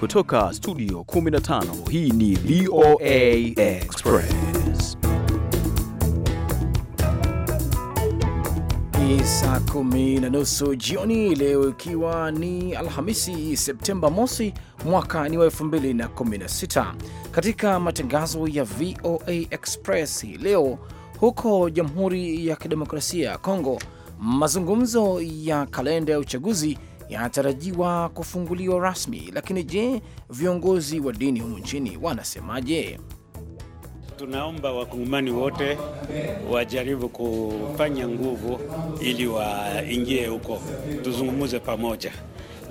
Kutoka studio 15 hii ni VOA Express. Ni saa kumi na nusu jioni leo, ikiwa ni Alhamisi Septemba mosi mwaka ni wa 216 Katika matangazo ya VOA Express hii leo, huko Jamhuri ya Kidemokrasia ya Kongo, mazungumzo ya kalenda ya uchaguzi yanatarajiwa kufunguliwa rasmi. Lakini je, viongozi wa dini humu nchini wanasemaje? Tunaomba wakungumani wote wajaribu kufanya nguvu ili waingie huko, tuzungumuze pamoja,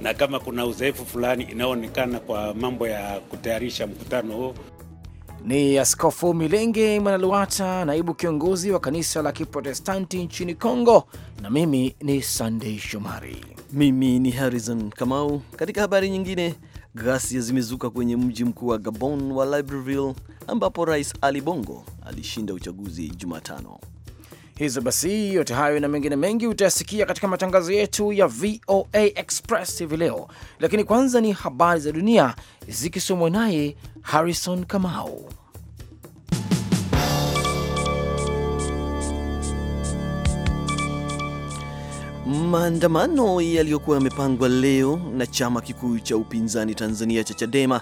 na kama kuna udhaifu fulani inayoonekana kwa mambo ya kutayarisha mkutano huu. Ni Askofu Milenge mwanaluata naibu kiongozi wa kanisa la Kiprotestanti nchini Kongo, na mimi ni sandey Shomari. Mimi ni Harrison Kamau. Katika habari nyingine, ghasia zimezuka kwenye mji mkuu wa Gabon wa Libreville ambapo Rais Ali Bongo alishinda uchaguzi Jumatano. Hizo basi, yote hayo na mengine mengi utayasikia katika matangazo yetu ya VOA Express hivi leo, lakini kwanza ni habari za dunia zikisomwa naye Harrison Kamau. Maandamano yaliyokuwa yamepangwa leo na chama kikuu cha upinzani Tanzania cha Chadema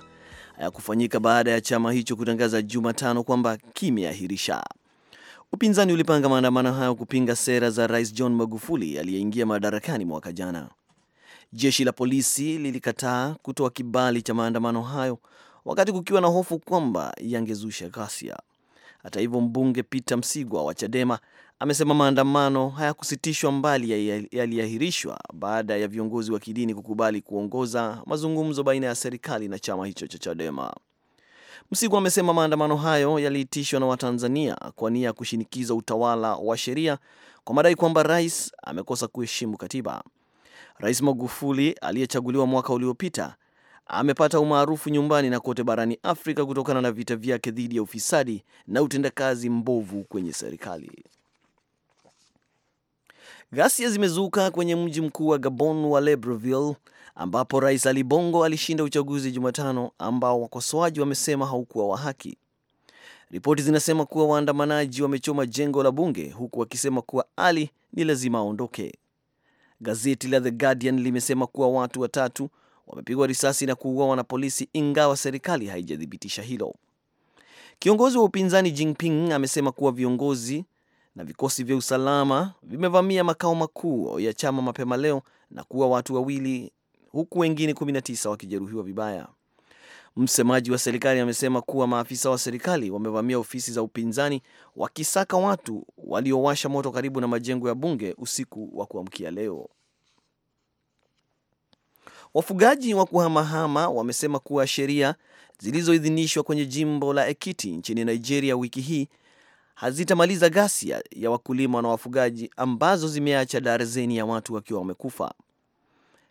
hayakufanyika baada ya chama hicho kutangaza Jumatano kwamba kimeahirisha. Upinzani ulipanga maandamano hayo kupinga sera za Rais John Magufuli aliyeingia madarakani mwaka jana. Jeshi la polisi lilikataa kutoa kibali cha maandamano hayo wakati kukiwa na hofu kwamba yangezusha ghasia. Hata hivyo, mbunge Peter Msigwa wa Chadema amesema maandamano hayakusitishwa mbali yaliahirishwa baada ya viongozi wa kidini kukubali kuongoza mazungumzo baina ya serikali na chama hicho cha Chadema. Msigwa amesema maandamano hayo yaliitishwa na Watanzania kwa nia ya kushinikiza utawala wa sheria kwa madai kwamba rais amekosa kuheshimu katiba. Rais Magufuli aliyechaguliwa mwaka uliopita amepata umaarufu nyumbani na kote barani Afrika kutokana na vita vyake dhidi ya ufisadi na utendakazi mbovu kwenye serikali. Ghasia zimezuka kwenye mji mkuu wa Gabon wa Libreville ambapo Rais Ali Bongo alishinda uchaguzi Jumatano ambao wakosoaji wamesema haukuwa wa haki. Ripoti zinasema kuwa waandamanaji wamechoma jengo la bunge huku wakisema kuwa Ali ni lazima aondoke. Gazeti la The Guardian limesema kuwa watu watatu wamepigwa risasi na kuuawa na polisi, ingawa serikali haijathibitisha hilo. Kiongozi wa upinzani Jinping amesema kuwa viongozi na vikosi vya usalama vimevamia makao makuu ya chama mapema leo na kuua watu wawili huku wengine 19 wakijeruhiwa vibaya. Msemaji wa serikali amesema kuwa maafisa wa serikali wamevamia ofisi za upinzani wakisaka watu waliowasha moto karibu na majengo ya bunge usiku wa kuamkia leo. Wafugaji wa kuhamahama wamesema kuwa sheria zilizoidhinishwa kwenye jimbo la Ekiti nchini Nigeria wiki hii hazitamaliza ghasia ya wakulima na wafugaji ambazo zimeacha darzeni ya watu wakiwa wamekufa.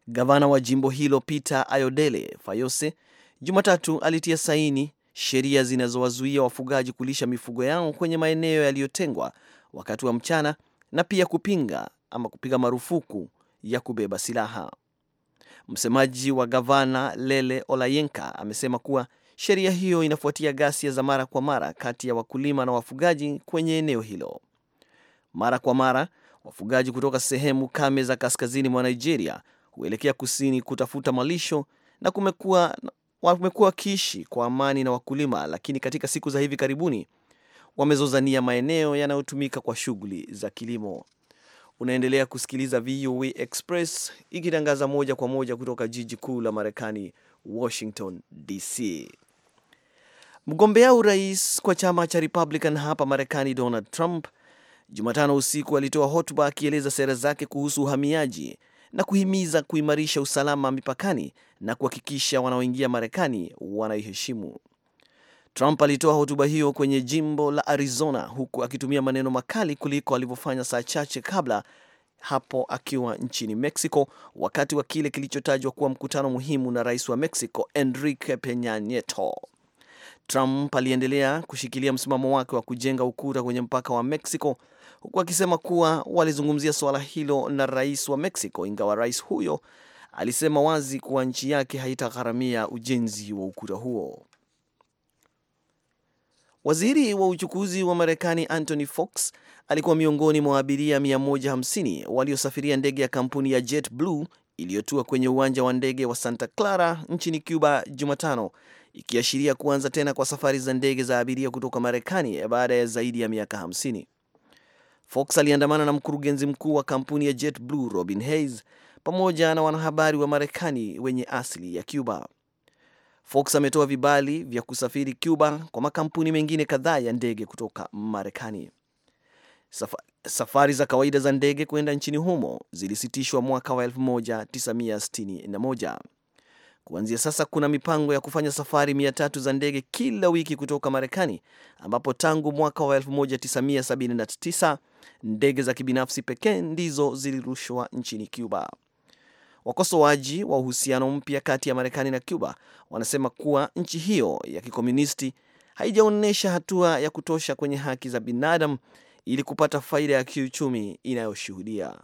Gavana wa jimbo hilo Peter Ayodele Fayose Jumatatu alitia saini sheria zinazowazuia wafugaji kulisha mifugo yao kwenye maeneo yaliyotengwa wakati wa mchana na pia kupinga ama kupiga marufuku ya kubeba silaha. Msemaji wa gavana Lele Olayenka amesema kuwa sheria hiyo inafuatia ghasia za mara kwa mara kati ya wakulima na wafugaji kwenye eneo hilo. Mara kwa mara wafugaji kutoka sehemu kame za kaskazini mwa Nigeria huelekea kusini kutafuta malisho na kumekuwa wamekuwa wakiishi kwa amani na wakulima, lakini katika siku za hivi karibuni wamezozania maeneo yanayotumika kwa shughuli za kilimo. Unaendelea kusikiliza VOA Express ikitangaza moja kwa moja kutoka jiji kuu la Marekani, Washington DC. Mgombea urais kwa chama cha Republican hapa Marekani, Donald Trump Jumatano usiku alitoa hotuba akieleza sera zake kuhusu uhamiaji na kuhimiza kuimarisha usalama mipakani na kuhakikisha wanaoingia Marekani wanaiheshimu Trump alitoa hotuba hiyo kwenye jimbo la Arizona huku akitumia maneno makali kuliko alivyofanya saa chache kabla hapo akiwa nchini Mexico wakati wa kile kilichotajwa kuwa mkutano muhimu na rais wa Mexico Enrique Peña Nieto. Trump aliendelea kushikilia msimamo wake wa kujenga ukuta kwenye mpaka wa Mexico huku akisema kuwa walizungumzia suala hilo na rais wa Mexico, ingawa rais huyo alisema wazi kuwa nchi yake haitagharamia ujenzi wa ukuta huo. Waziri wa uchukuzi wa Marekani Anthony Fox alikuwa miongoni mwa abiria 150 waliosafiria ndege ya kampuni ya JetBlue iliyotua kwenye uwanja wa ndege wa Santa Clara nchini Cuba Jumatano, ikiashiria kuanza tena kwa safari za ndege za abiria kutoka Marekani baada ya zaidi ya miaka 50. Fox aliandamana na mkurugenzi mkuu wa kampuni ya JetBlue Robin Hayes pamoja na wanahabari wa Marekani wenye asili ya Cuba. Fox ametoa vibali vya kusafiri Cuba kwa makampuni mengine kadhaa ya ndege kutoka Marekani. Safari za kawaida za ndege kwenda nchini humo zilisitishwa mwaka wa 1961. Kuanzia sasa kuna mipango ya kufanya safari 300 za ndege kila wiki kutoka Marekani, ambapo tangu mwaka wa 1979 ndege za kibinafsi pekee ndizo zilirushwa nchini Cuba. Wakosoaji wa uhusiano mpya kati ya Marekani na Cuba wanasema kuwa nchi hiyo ya kikomunisti haijaonyesha hatua ya kutosha kwenye haki za binadamu ili kupata faida ya kiuchumi inayoshuhudia.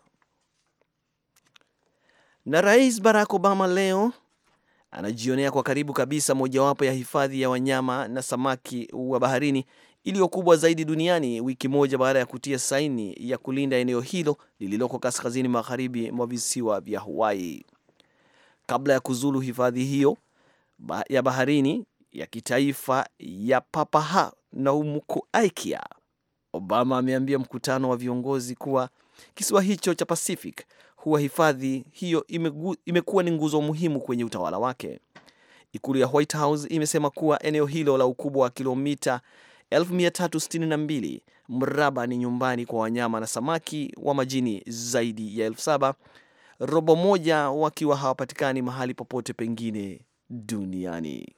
Na Rais Barack Obama leo anajionea kwa karibu kabisa mojawapo ya hifadhi ya wanyama na samaki wa baharini iliyo kubwa zaidi duniani wiki moja baada ya kutia saini ya kulinda eneo hilo lililoko kaskazini magharibi mwa visiwa vya Hawaii. Kabla ya kuzulu hifadhi hiyo ya baharini ya kitaifa ya Papaha na Aikia, Obama ameambia mkutano wa viongozi kuwa kisiwa hicho cha Pacific huwa hifadhi hiyo imegu, imekuwa ni nguzo muhimu kwenye utawala wake. Ikulu ya White House imesema kuwa eneo hilo la ukubwa wa kilomita 1362 mraba ni nyumbani kwa wanyama na samaki wa majini zaidi ya 7000 robo moja wakiwa hawapatikani mahali popote pengine duniani.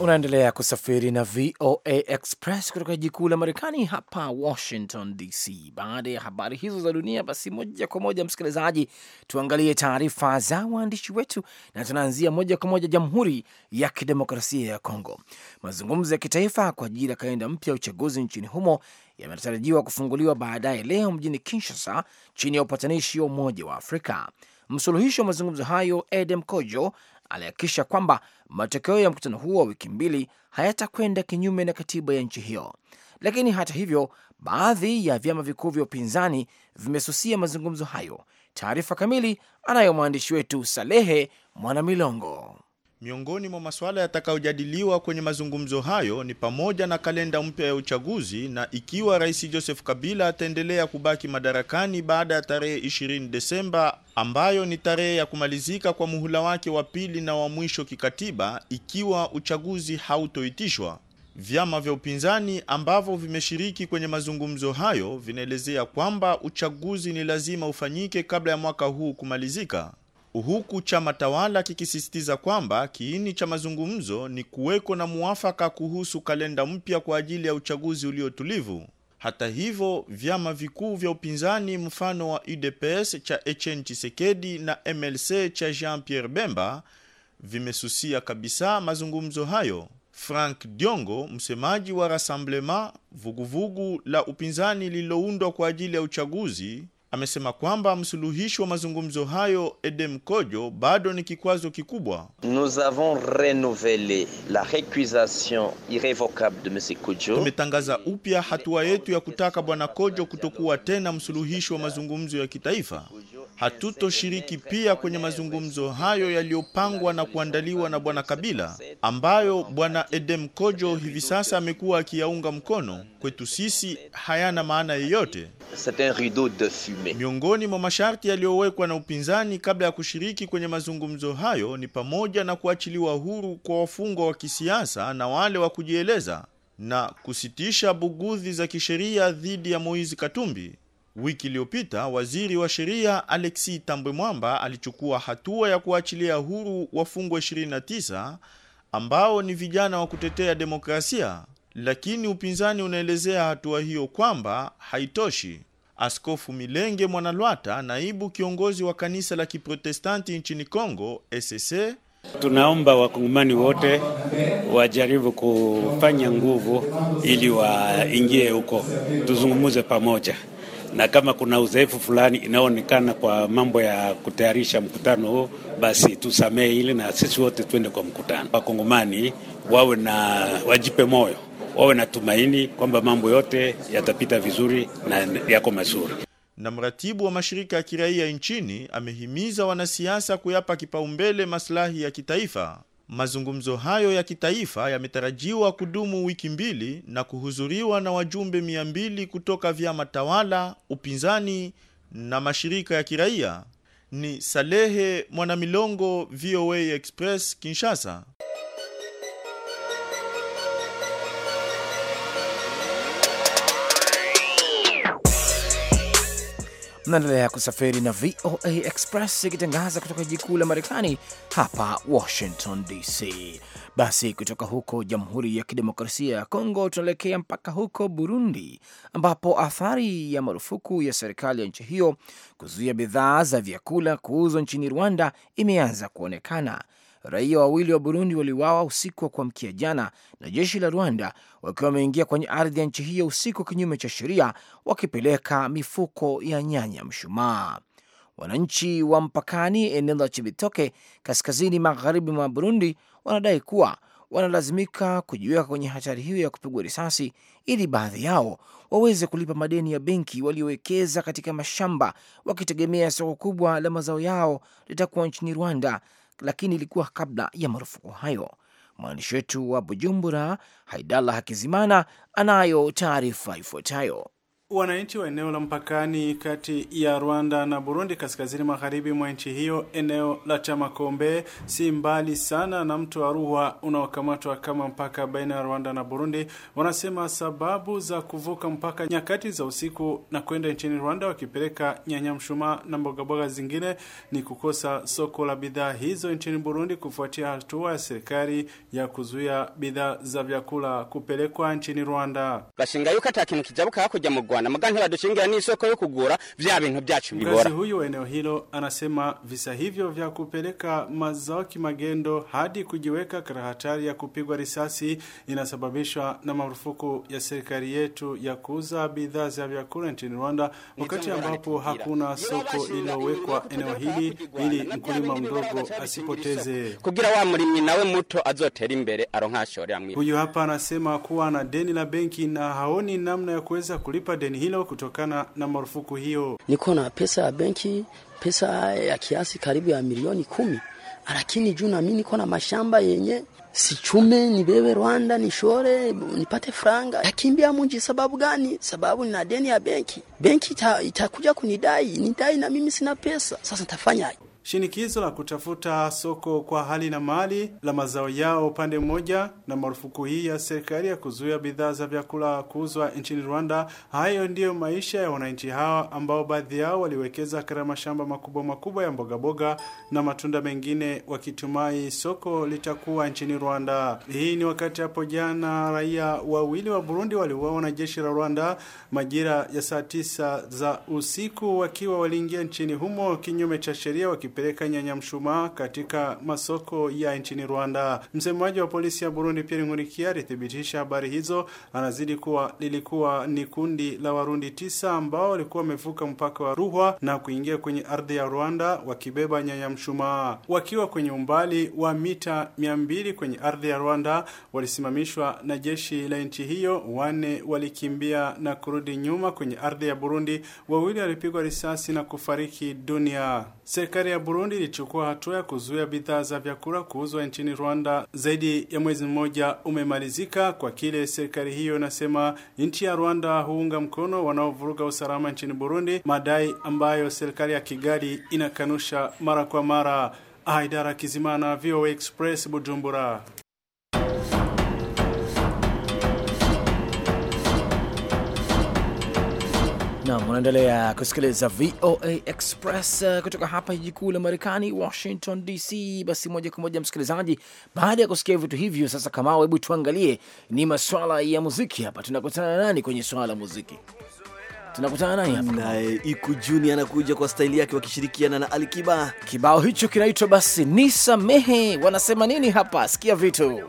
Unaendelea kusafiri na VOA Express kutoka jiji kuu la Marekani hapa Washington DC. Baada ya habari hizo za dunia, basi moja kwa moja, msikilizaji, tuangalie taarifa za waandishi wetu, na tunaanzia moja kwa moja Jamhuri ya Kidemokrasia ya Kongo. Mazungumzo ya kitaifa kwa ajili ya kalenda mpya ya uchaguzi nchini humo yanatarajiwa kufunguliwa baadaye leo mjini Kinshasa chini ya upatanishi wa Umoja wa Afrika. Msuluhishi wa mazungumzo hayo Edem Kojo alihakikisha kwamba matokeo ya mkutano huo wa wiki mbili hayatakwenda kinyume na katiba ya nchi hiyo. Lakini hata hivyo, baadhi ya vyama vikuu vya upinzani vimesusia mazungumzo hayo. Taarifa kamili anayo mwandishi wetu Salehe Mwanamilongo. Miongoni mwa masuala yatakayojadiliwa kwenye mazungumzo hayo ni pamoja na kalenda mpya ya uchaguzi na ikiwa Rais Joseph Kabila ataendelea kubaki madarakani baada ya tarehe 20 Desemba ambayo ni tarehe ya kumalizika kwa muhula wake wa pili na wa mwisho kikatiba ikiwa uchaguzi hautoitishwa. Vyama vya upinzani ambavyo vimeshiriki kwenye mazungumzo hayo vinaelezea kwamba uchaguzi ni lazima ufanyike kabla ya mwaka huu kumalizika huku chama tawala kikisisitiza kwamba kiini cha mazungumzo ni kuweko na muwafaka kuhusu kalenda mpya kwa ajili ya uchaguzi uliotulivu. Hata hivyo, vyama vikuu vya upinzani mfano wa UDPS cha HN chisekedi na MLC cha Jean-Pierre Bemba vimesusia kabisa mazungumzo hayo. Frank Diongo, msemaji wa Rassemblement, vuguvugu la upinzani lililoundwa kwa ajili ya uchaguzi amesema kwamba msuluhishi wa mazungumzo hayo Edem Kojo bado ni kikwazo kikubwa. Nous avons renouvelé la récusation irrévocable de monsieur Kojo. Tumetangaza upya hatua yetu ya kutaka bwana Kojo kutokuwa tena msuluhishi wa mazungumzo ya kitaifa hatutoshiriki pia kwenye mazungumzo hayo yaliyopangwa na kuandaliwa na Bwana Kabila ambayo Bwana Edem Kojo hivi sasa amekuwa akiyaunga mkono. Kwetu sisi hayana maana yeyote Miongoni mwa masharti yaliyowekwa na upinzani kabla ya kushiriki kwenye mazungumzo hayo ni pamoja na kuachiliwa huru kwa wafungwa wa kisiasa na wale wa kujieleza na kusitisha bugudhi za kisheria dhidi ya Moizi Katumbi. Wiki iliyopita waziri wa sheria Alexi Tambwe Mwamba alichukua hatua ya kuachilia huru wafungwa 29 ambao ni vijana wa kutetea demokrasia, lakini upinzani unaelezea hatua hiyo kwamba haitoshi. Askofu Milenge Mwanalwata, naibu kiongozi wa kanisa la Kiprotestanti nchini Kongo SSE: tunaomba wakongomani wote wajaribu kufanya nguvu ili waingie huko, tuzungumuze pamoja na kama kuna udhaifu fulani inayoonekana kwa mambo ya kutayarisha mkutano huu, basi tusamehe ili na sisi wote tuende kwa mkutano. Wakongomani wawe na wajipe moyo, wawe na tumaini kwamba mambo yote yatapita vizuri na yako mazuri. Na mratibu wa mashirika ya kiraia nchini amehimiza wanasiasa kuyapa kipaumbele maslahi ya kitaifa Mazungumzo hayo ya kitaifa yametarajiwa kudumu wiki mbili na kuhudhuriwa na wajumbe mia mbili kutoka vyama tawala, upinzani na mashirika ya kiraia. Ni Salehe Mwanamilongo, VOA Express, Kinshasa. Mnaendelea kusafiri na VOA Express ikitangaza kutoka jiji kuu la Marekani hapa Washington DC. Basi kutoka huko Jamhuri ya Kidemokrasia ya Kongo tunaelekea mpaka huko Burundi, ambapo athari ya marufuku ya serikali ya nchi hiyo kuzuia bidhaa za vyakula kuuzwa nchini Rwanda imeanza kuonekana. Raia wawili wa Burundi waliuawa usiku wa kuamkia jana na jeshi la Rwanda wakiwa wameingia kwenye ardhi ya nchi hiyo usiku kinyume cha sheria, wakipeleka mifuko ya nyanya mshumaa. Wananchi wa mpakani eneo la Chibitoke kaskazini magharibi mwa Burundi wanadai kuwa wanalazimika kujiweka kwenye hatari hiyo ya kupigwa risasi ili baadhi yao waweze kulipa madeni ya benki waliowekeza katika mashamba, wakitegemea soko kubwa la mazao yao litakuwa nchini Rwanda lakini ilikuwa kabla ya marufuku hayo. Mwandishi wetu wa Bujumbura, Haidala Hakizimana, anayo taarifa ifuatayo. Wananchi wa eneo la mpakani kati ya Rwanda na Burundi kaskazini magharibi mwa nchi hiyo, eneo la Chamakombe, si mbali sana na mto wa Ruhwa unaokamatwa kama mpaka baina ya Rwanda na Burundi, wanasema sababu za kuvuka mpaka nyakati za usiku na kwenda nchini Rwanda wakipeleka nyanya, mshumaa na mbogaboga zingine ni kukosa soko la bidhaa hizo nchini Burundi kufuatia hatua ya serikali ya kuzuia bidhaa za vyakula kupelekwa nchini Rwanda kugawana muga ntibadushingira isoko yo kugura vya bintu byacu bigora mkazi huyu eneo hilo anasema visa hivyo vya kupeleka mazao kimagendo hadi kujiweka hatari ya kupigwa risasi inasababishwa na marufuku ya serikali yetu ya kuuza bidhaa za vyakula nchini Rwanda wakati ambapo hakuna soko iliyowekwa eneo hili ili mkulima mdogo asipoteze kugira wa mlimi nawe muto azotera imbere aronkashorera mwibu huyu hapa anasema kuwa na deni la benki na haoni namna ya kuweza kulipa deni deni hilo kutokana na marufuku hiyo. Niko na pesa ya benki, pesa ya kiasi karibu ya milioni kumi, lakini juu nami niko na mashamba yenye sichume nibebe Rwanda nishore nipate franga. Nakimbia mji sababu gani? Sababu nina deni ya benki. Benki itakuja ita kunidai nidai, na mimi sina pesa. Sasa nitafanya shinikizo la kutafuta soko kwa hali na mali la mazao yao upande mmoja, na marufuku hii ya serikali ya kuzuia bidhaa za vyakula kuuzwa nchini Rwanda. Hayo ndiyo maisha ya wananchi hawa ambao baadhi yao waliwekeza katika mashamba makubwa makubwa ya mbogaboga na matunda mengine, wakitumai soko litakuwa nchini Rwanda. Hii ni wakati hapo jana raia wawili wa Burundi waliuawa na jeshi la Rwanda majira ya saa tisa za usiku wakiwa waliingia nchini humo kinyume cha sheria waki kupeleka nyanya mshuma katika masoko ya nchini Rwanda. Msemaji wa polisi ya Burundi Pierre Nkurikiye alithibitisha habari hizo, anazidi kuwa lilikuwa ni kundi la Warundi tisa ambao walikuwa wamevuka mpaka wa Ruhwa na kuingia kwenye ardhi ya Rwanda wakibeba nyanya mshuma. Wakiwa kwenye umbali wa mita mia mbili kwenye ardhi ya Rwanda, walisimamishwa na jeshi la nchi hiyo. Wanne walikimbia na kurudi nyuma kwenye ardhi ya Burundi, wawili walipigwa risasi na kufariki dunia. Serikali ya Burundi ilichukua hatua ya kuzuia bidhaa za vyakula kuuzwa nchini Rwanda zaidi ya mwezi mmoja umemalizika, kwa kile serikali hiyo inasema nchi ya Rwanda huunga mkono wanaovuruga usalama nchini Burundi, madai ambayo serikali ya Kigali inakanusha mara kwa mara. Haidara Kizimana, VOA Express, Bujumbura. Nam, unaendelea kusikiliza VOA Express uh, kutoka hapa jiji kuu la Marekani, Washington DC. Basi moja kwa moja, msikilizaji, baada ya kusikia vitu hivyo, sasa kama hebu tuangalie ni maswala ya muziki hapa. Tunakutana nani kwenye swala la muziki? Tunakutana nani hapa? Naye Iku Juni anakuja kwa staili yake wakishirikiana na Alikiba. Kibao hicho kinaitwa basi nisamehe. Wanasema nini hapa? Sikia vitu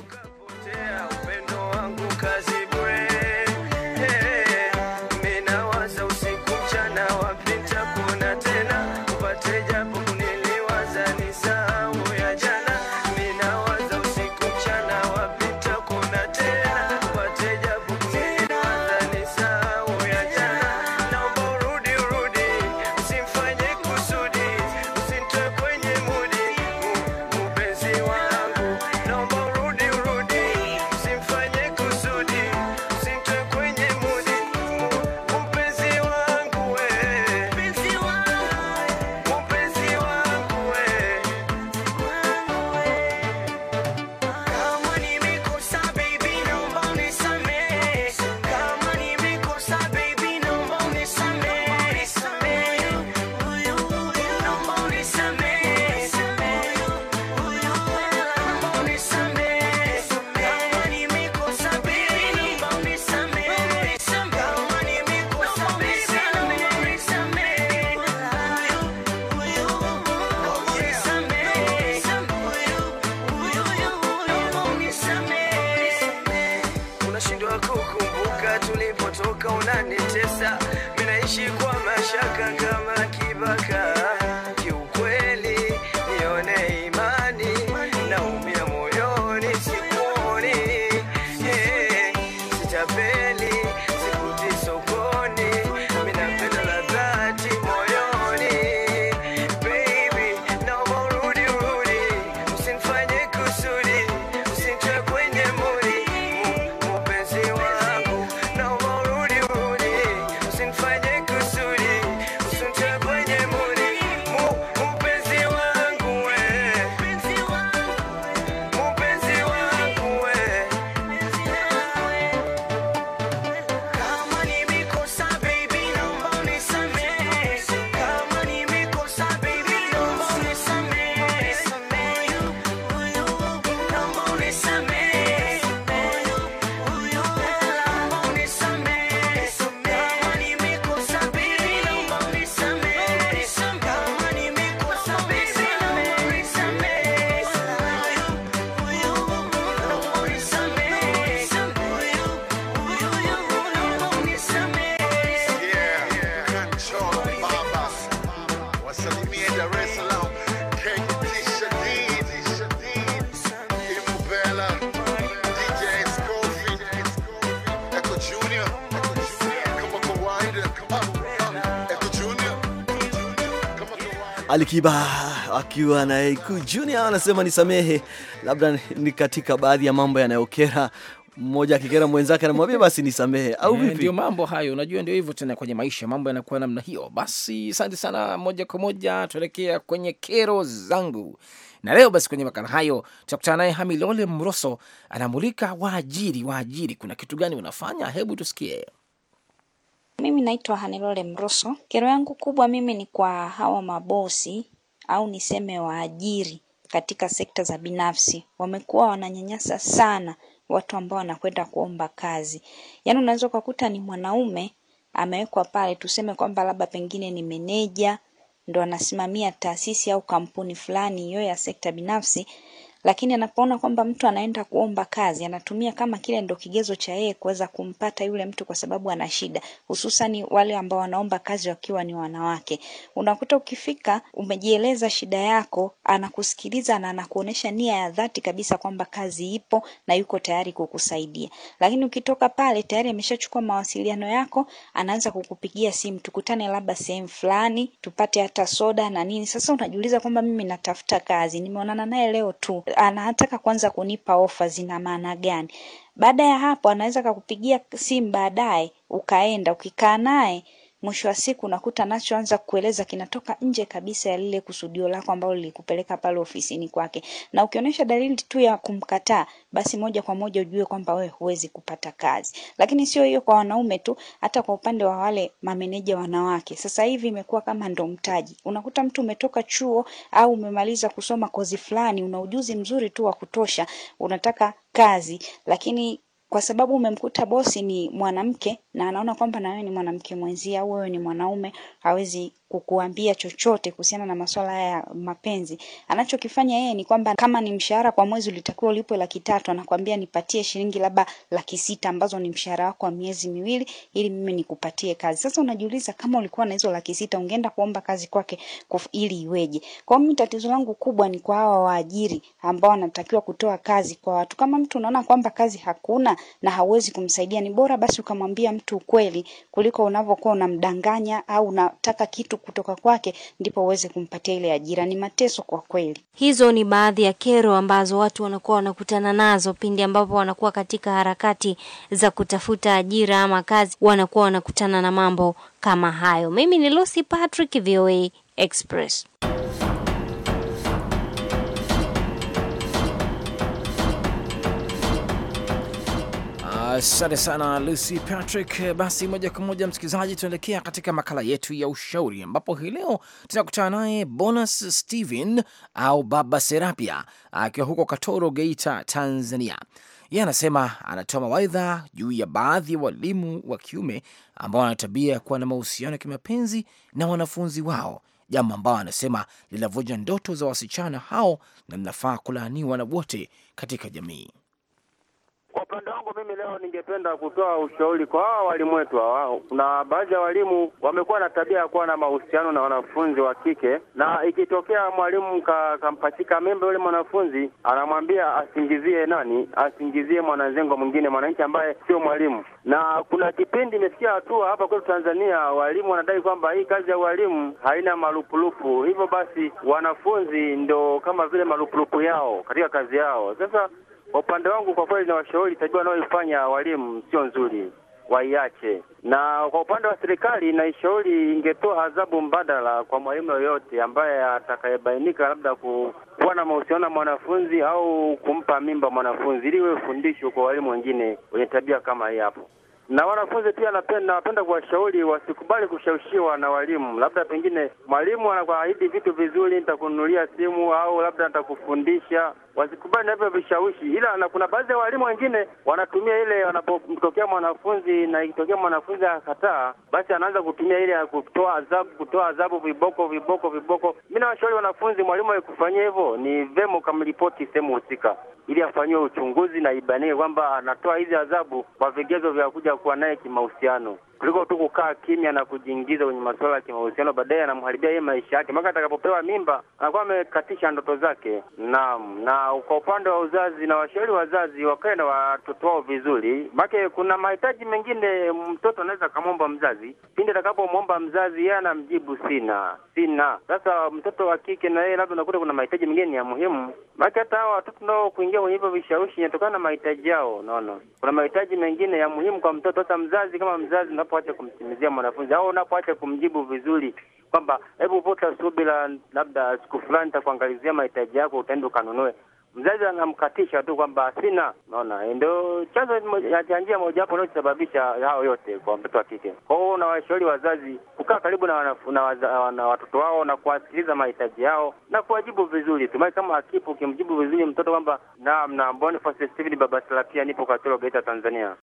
Alikiba akiwa na Junior anasema nisamehe, labda ni katika baadhi ya mambo yanayokera mmoja akikera mwenzake anamwambia basi nisamehe, au eh, vipi? Ndio mambo hayo, unajua ndio hivyo tena kwenye maisha, mambo yanakuwa namna hiyo. Basi asante sana, moja kwa moja tuelekea kwenye kero zangu, na leo basi kwenye makala hayo tutakutana naye Hamilole Mroso, anamulika waajiri. Waajiri, kuna kitu gani unafanya? Hebu tusikie. Mimi naitwa Hanilole Mroso. Kero yangu kubwa mimi ni kwa hawa mabosi au niseme waajiri katika sekta za binafsi. Wamekuwa wananyanyasa sana watu ambao wanakwenda kuomba kazi. Yaani unaweza ukakuta ni mwanaume amewekwa pale, tuseme kwamba labda pengine ni meneja, ndo anasimamia taasisi au kampuni fulani hiyo ya sekta binafsi, lakini anapoona kwamba mtu anaenda kuomba kazi, anatumia kama kile ndo kigezo cha yeye kuweza kumpata yule mtu kwa sababu ana shida, hususani wale ambao wanaomba kazi wakiwa ni wanawake. Unakuta ukifika umejieleza shida yako, anakusikiliza na anakuonesha nia ya dhati kabisa kwamba kazi ipo na yuko tayari kukusaidia. Lakini ukitoka pale tayari ameshachukua mawasiliano yako, anaanza kukupigia simu, tukutane labda sehemu fulani, tupate hata soda na nini. Sasa unajiuliza kwamba mimi natafuta kazi, nimeonana naye leo tu, anataka kwanza kunipa ofa zina maana gani. Baada ya hapo, anaweza kakupigia simu baadaye, ukaenda ukikaa naye mwisho wa siku unakuta anachoanza kueleza kinatoka nje kabisa ya lile kusudio lako ambalo lilikupeleka pale ofisini kwake. Na ukionyesha dalili tu ya kumkataa, basi moja kwa moja ujue kwamba wewe huwezi kupata kazi. Lakini sio hiyo kwa wanaume tu, hata kwa upande wa wale mameneja wanawake. Sasa hivi imekuwa kama ndo mtaji. Unakuta mtu umetoka chuo au umemaliza kusoma kozi fulani, una ujuzi mzuri tu wa kutosha, unataka kazi lakini kwa sababu umemkuta bosi ni mwanamke na anaona kwamba na wewe ni mwanamke mwenzie au wewe ni mwanaume hawezi kukuambia chochote kuhusiana na masuala ya mapenzi. Anachokifanya yeye ni kwamba kama ni mshahara kwa mwezi ulitakiwa ulipwe laki tatu, anakwambia nipatie shilingi labda laki sita ambazo ni mshahara wako wa miezi miwili ili mimi nikupatie kazi. Sasa unajiuliza kama ulikuwa na hizo laki sita ungeenda kuomba kazi kwake ili iweje? Kwa mimi tatizo langu kubwa ni kwa hawa waajiri ambao wanatakiwa kutoa kazi kwa watu. Kama mtu unaona kwamba kazi hakuna na hauwezi kumsaidia, ni bora basi ukamwambia mtu ukweli kuliko unavyokuwa unamdanganya au unataka kitu kutoka kwake ndipo uweze kumpatia ile ajira. Ni mateso kwa kweli. Hizo ni baadhi ya kero ambazo watu wanakuwa wanakutana nazo pindi ambapo wanakuwa katika harakati za kutafuta ajira ama kazi, wanakuwa wanakutana na mambo kama hayo. Mimi ni Lucy Patrick, VOA Express. Asante uh, sana Lucy Patrick. Basi moja kwa moja, msikilizaji, tunaelekea katika makala yetu ya ushauri, ambapo hii leo tunakutana naye Bonus Steven au Baba Serapia akiwa huko Katoro, Geita, Tanzania. Yeye anasema anatoa mawaidha juu ya baadhi ya walimu wa kiume ambao wanatabia kuwa na mahusiano ya kimapenzi na wanafunzi wao, jambo ambao anasema linavuja ndoto za wasichana hao na linafaa kulaaniwa na wote katika jamii mimi leo ningependa kutoa ushauri kwa hawa walimu wetu hawa. Kuna baadhi ya walimu wamekuwa na tabia ya kuwa na mahusiano na wanafunzi wa kike, na ikitokea mwalimu kampachika ka mimba yule mwanafunzi, anamwambia asingizie nani, asingizie mwanazengo mwingine, mwananchi ambaye sio mwalimu. Na kuna kipindi imesikia hatua hapa kwetu Tanzania, walimu wanadai kwamba hii kazi ya ualimu haina malupulupu, hivyo basi wanafunzi ndo kama vile malupulupu yao katika kazi yao. Sasa kwa upande wangu kwa kweli, na washauri tabia wanayoifanya walimu sio nzuri, waiache. Na kwa upande wa serikali, naishauri ingetoa adhabu mbadala kwa mwalimu yoyote ambaye atakayebainika labda kuwa na mahusiano na mwanafunzi au kumpa mimba mwanafunzi, ili iwe fundisho kwa walimu wengine wenye tabia kama hii hapo na wanafunzi pia napenda napenda kuwashauri wasikubali kushawishiwa na walimu. Labda pengine mwalimu anakuahidi vitu vizuri, nitakununulia simu au labda nitakufundisha, wasikubali na hivyo vishawishi, ila na kuna baadhi ya walimu wengine wanatumia ile, wanapomtokea mwanafunzi na ikitokea mwanafunzi akataa, basi anaanza kutumia ile ya kutoa adhabu, kutoa adhabu, viboko, viboko, viboko. Mi nawashauri wanafunzi, mwalimu alikufanyia hivyo, ni vema ukamripoti sehemu husika ili afanyiwe uchunguzi na ibainike kwamba anatoa hizi adhabu kwa vigezo vya kuja kuwa naye kimahusiano kuliko tu kukaa kimya na kujiingiza kwenye masuala ya kimahusiano, baadaye anamharibia yeye maisha yake, mpaka atakapopewa mimba anakuwa amekatisha ndoto zake. Naam. Na kwa upande wa uzazi, na washauri wazazi wakae na watoto wao vizuri, make kuna mahitaji mengine mtoto anaweza akamwomba mzazi. Pindi atakapomwomba mzazi, yeye anamjibu sina, sina. Sasa mtoto wa kike na yeye labda unakuta kuna mahitaji mengine ya muhimu, make hata hawa watoto nao kuingia kwenye hivyo vishawishi inatokana na mahitaji yao. Naona kuna mahitaji mengine ya muhimu kwa mtoto. Sasa mzazi kama mzazi unapoacha kumtimizia mwanafunzi au unapoacha kumjibu vizuri kwamba hebu vuta subira, labda siku fulani nitakuangalizia mahitaji yako, utaenda ukanunue. Mzazi anamkatisha tu kwamba sina. Naona ndio chanzo cha njia mojawapo inayosababisha hao yote kwa mtoto wa kike. Kwa hiyo nawashauri wazazi kukaa karibu na, na, na, na watoto wao na kuwasikiliza mahitaji yao na kuwajibu vizuri. Tumai kama akipo ukimjibu vizuri mtoto kwamba naam, na Boniface Steven nipo Katoro Geita, Tanzania.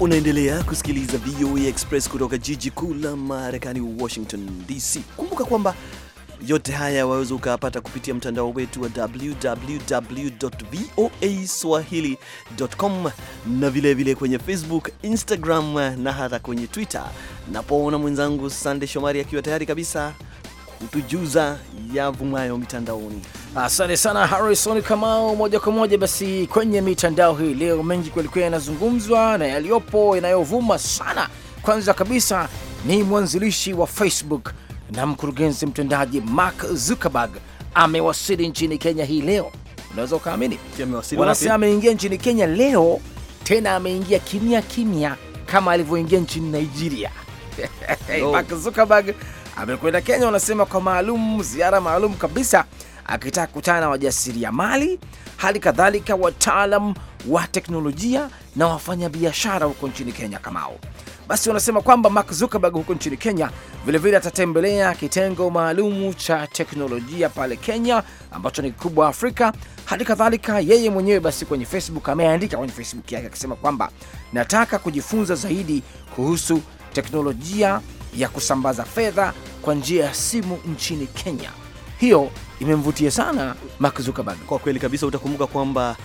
Unaendelea kusikiliza VOA Express kutoka jiji kuu la Marekani, Washington DC. Kumbuka kwamba yote haya waweza ukayapata kupitia mtandao wetu wa www voa swahilicom na vilevile vile kwenye Facebook, Instagram na hata kwenye Twitter. Napoona mwenzangu Sande Shomari akiwa tayari kabisa kutujuza yavumayo mitandaoni. Asante sana Harrison Kamau. Moja kwa moja basi kwenye mitandao hii leo, mengi kwelikweli yanazungumzwa na yaliyopo yanayovuma sana. Kwanza kabisa ni mwanzilishi wa Facebook na mkurugenzi mtendaji Mark Zuckerberg amewasili nchini Kenya hii leo. Unaweza ukaamini, wanasema ameingia nchini Kenya leo, tena ameingia kimya kimya kama alivyoingia nchini Nigeria. Oh. Mark Zuckerberg amekwenda Kenya, wanasema kwa maalum, ziara maalum kabisa, akitaka kukutana na wajasiriamali, hali kadhalika wataalam wa teknolojia na wafanyabiashara huko nchini Kenya. Kamao basi wanasema kwamba Mark Zuckerberg huko nchini Kenya vilevile atatembelea kitengo maalumu cha teknolojia pale Kenya ambacho ni kikubwa Afrika. Hali kadhalika yeye mwenyewe basi kwenye Facebook ameandika kwenye Facebook yake akisema kwamba nataka kujifunza zaidi kuhusu teknolojia ya kusambaza fedha kwa njia ya simu nchini Kenya. Hiyo imemvutia sana Mark Zuckerberg. Kwa kweli kabisa, utakumbuka kwamba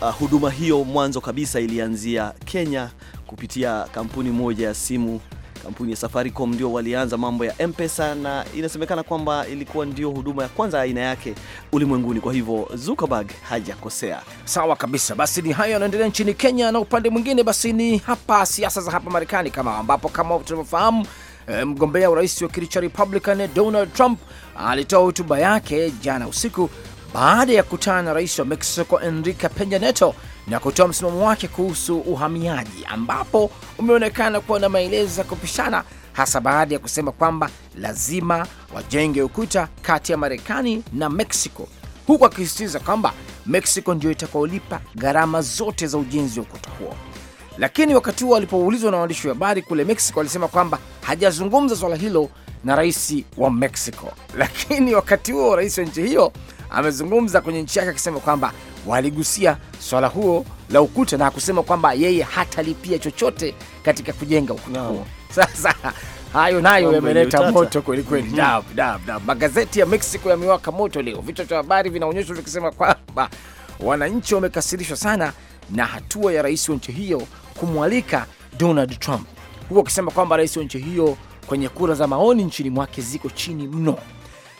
uh, huduma hiyo mwanzo kabisa ilianzia Kenya kupitia kampuni moja ya simu kampuni ya Safaricom ndio walianza mambo ya Mpesa na inasemekana kwamba ilikuwa ndio huduma ya kwanza aina yake ulimwenguni. Kwa hivyo Zuckerberg hajakosea. Sawa kabisa. Basi ni hayo yanaendelea nchini Kenya, na upande mwingine basi ni hapa siasa za hapa Marekani, kama ambapo kama tunavyofahamu Eh, mgombea urais wa kiti cha Republican Donald Trump alitoa hotuba yake jana usiku baada ya kutana na rais wa Mexico Enrique Penya Nieto na kutoa msimamo wake kuhusu uhamiaji, ambapo umeonekana kuwa na maelezo ya kupishana, hasa baada ya kusema kwamba lazima wajenge ukuta kati ya Marekani na Mexico, huku akisisitiza kwamba Mexico ndio itakaolipa gharama zote za ujenzi wa ukuta huo. Lakini wakati huo alipoulizwa na waandishi wa habari kule Mexico, alisema kwamba hajazungumza swala hilo na rais wa Mexico. Lakini wakati huo rais wa nchi hiyo amezungumza kwenye nchi yake akisema kwamba waligusia swala huo la ukuta na kusema kwamba yeye hatalipia chochote katika kujenga ukuta huo. Sasa hayo nayo yameleta moto kweli kweli. Mm-hmm. Magazeti ya Mexico yamewaka moto leo, vichwa vya habari vinaonyeshwa vikisema kwamba wananchi wamekasirishwa sana na hatua ya rais wa nchi hiyo kumwalika Donald Trump, huku akisema kwamba rais wa nchi hiyo kwenye kura za maoni nchini mwake ziko chini mno.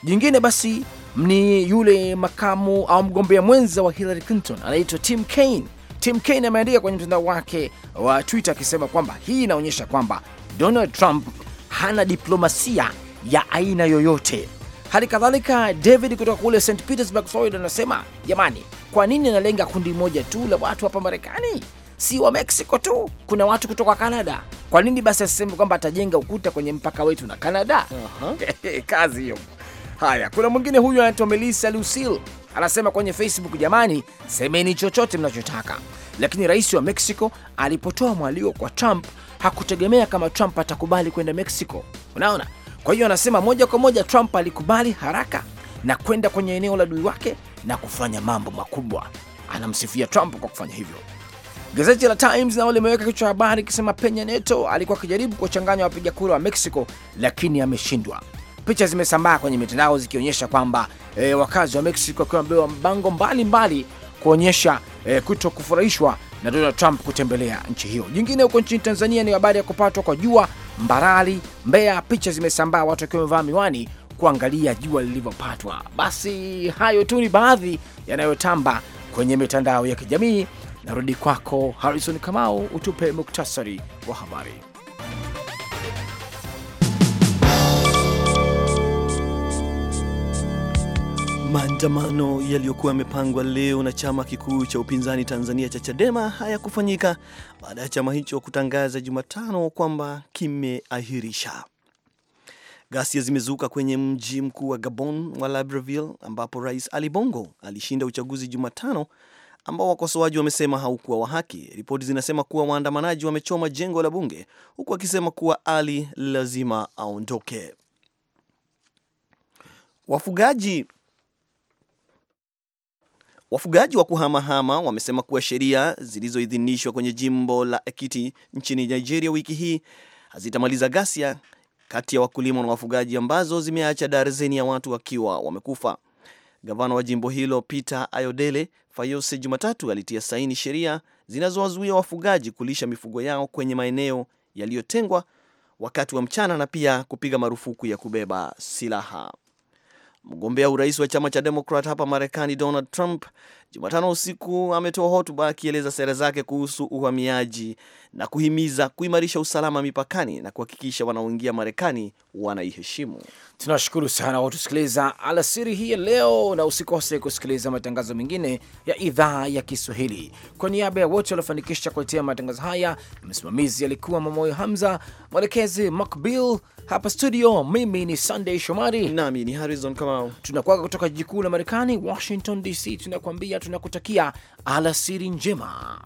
Jingine basi ni yule makamu au mgombea mwenza wa Hillary Clinton anaitwa Tim Kaine. Tim Kaine ameandika kwenye mtandao wake wa Twitter akisema kwamba hii inaonyesha kwamba Donald Trump hana diplomasia ya aina yoyote. Hali kadhalika David kutoka kule St Petersburg, Florida anasema jamani, kwa nini analenga kundi moja tu la watu hapa Marekani? Si wa Mexico tu, kuna watu kutoka Canada. Kwa nini basi asiseme kwamba atajenga ukuta kwenye mpaka wetu na Canada? uh -huh. kazi hiyo. Haya, kuna mwingine huyu anaitwa Melissa Lucille anasema kwenye Facebook, jamani, semeni chochote mnachotaka, lakini rais wa Mexico alipotoa mwaliko kwa Trump hakutegemea kama Trump atakubali kwenda Mexico. Unaona, kwa hiyo anasema moja kwa moja Trump alikubali haraka na kwenda kwenye eneo la adui wake na kufanya mambo makubwa. Anamsifia Trump kwa kufanya hivyo. Gazeti la Times nao limeweka kichwa habari ikisema Penya Neto alikuwa akijaribu kuwachanganya wapiga kura wa Mexico lakini ameshindwa. Picha zimesambaa kwenye mitandao zikionyesha kwamba e, wakazi wa Mexico wakiwa wamebewa mabango mbalimbali kuonyesha e, kuto kufurahishwa na Donald Trump kutembelea nchi hiyo. Jingine huko nchini Tanzania ni habari ya kupatwa kwa jua Mbarali, Mbeya. Picha zimesambaa watu wakiwa wamevaa miwani kuangalia jua lilivyopatwa. Basi hayo tu ni baadhi yanayotamba kwenye mitandao ya kijamii. Narudi kwako Harrison Kamau, utupe muktasari wa habari. Maandamano yaliyokuwa yamepangwa leo na chama kikuu cha upinzani Tanzania cha Chadema hayakufanyika baada ya chama hicho kutangaza Jumatano kwamba kimeahirisha Ghasia zimezuka kwenye mji mkuu wa Gabon wa Libreville, ambapo Rais Ali Bongo alishinda uchaguzi Jumatano ambao wakosoaji wamesema haukuwa wa haki. Ripoti zinasema kuwa waandamanaji wamechoma jengo la bunge, huku akisema kuwa Ali lazima aondoke. Wafugaji wafugaji wa kuhamahama wamesema kuwa sheria zilizoidhinishwa kwenye jimbo la Ekiti nchini Nigeria wiki hii hazitamaliza ghasia kati ya wakulima na wafugaji ambazo zimeacha darzeni ya watu wakiwa wamekufa. Gavana wa jimbo hilo Peter Ayodele Fayose Jumatatu alitia saini sheria zinazowazuia wafugaji kulisha mifugo yao kwenye maeneo yaliyotengwa wakati wa mchana na pia kupiga marufuku ya kubeba silaha. Mgombea urais wa chama cha Demokrat hapa Marekani Donald Trump Jumatano usiku ametoa hotuba akieleza sera zake kuhusu uhamiaji na kuhimiza kuimarisha usalama mipakani na kuhakikisha wanaoingia Marekani wanaiheshimu. Tunashukuru sana watusikiliza alasiri hii ya leo, na usikose kusikiliza matangazo mengine ya idhaa ya Kiswahili. Kwa niaba ya wote waliofanikisha kuletea matangazo haya, msimamizi alikuwa Mamoyo Hamza, mwelekezi Mcbill hapa studio. Mimi ni Sunday Shomari nami ni Harrison Kamau, tunakuaga kutoka jiji kuu la Marekani, Washington DC, tunakuambia tunakutakia alasiri njema.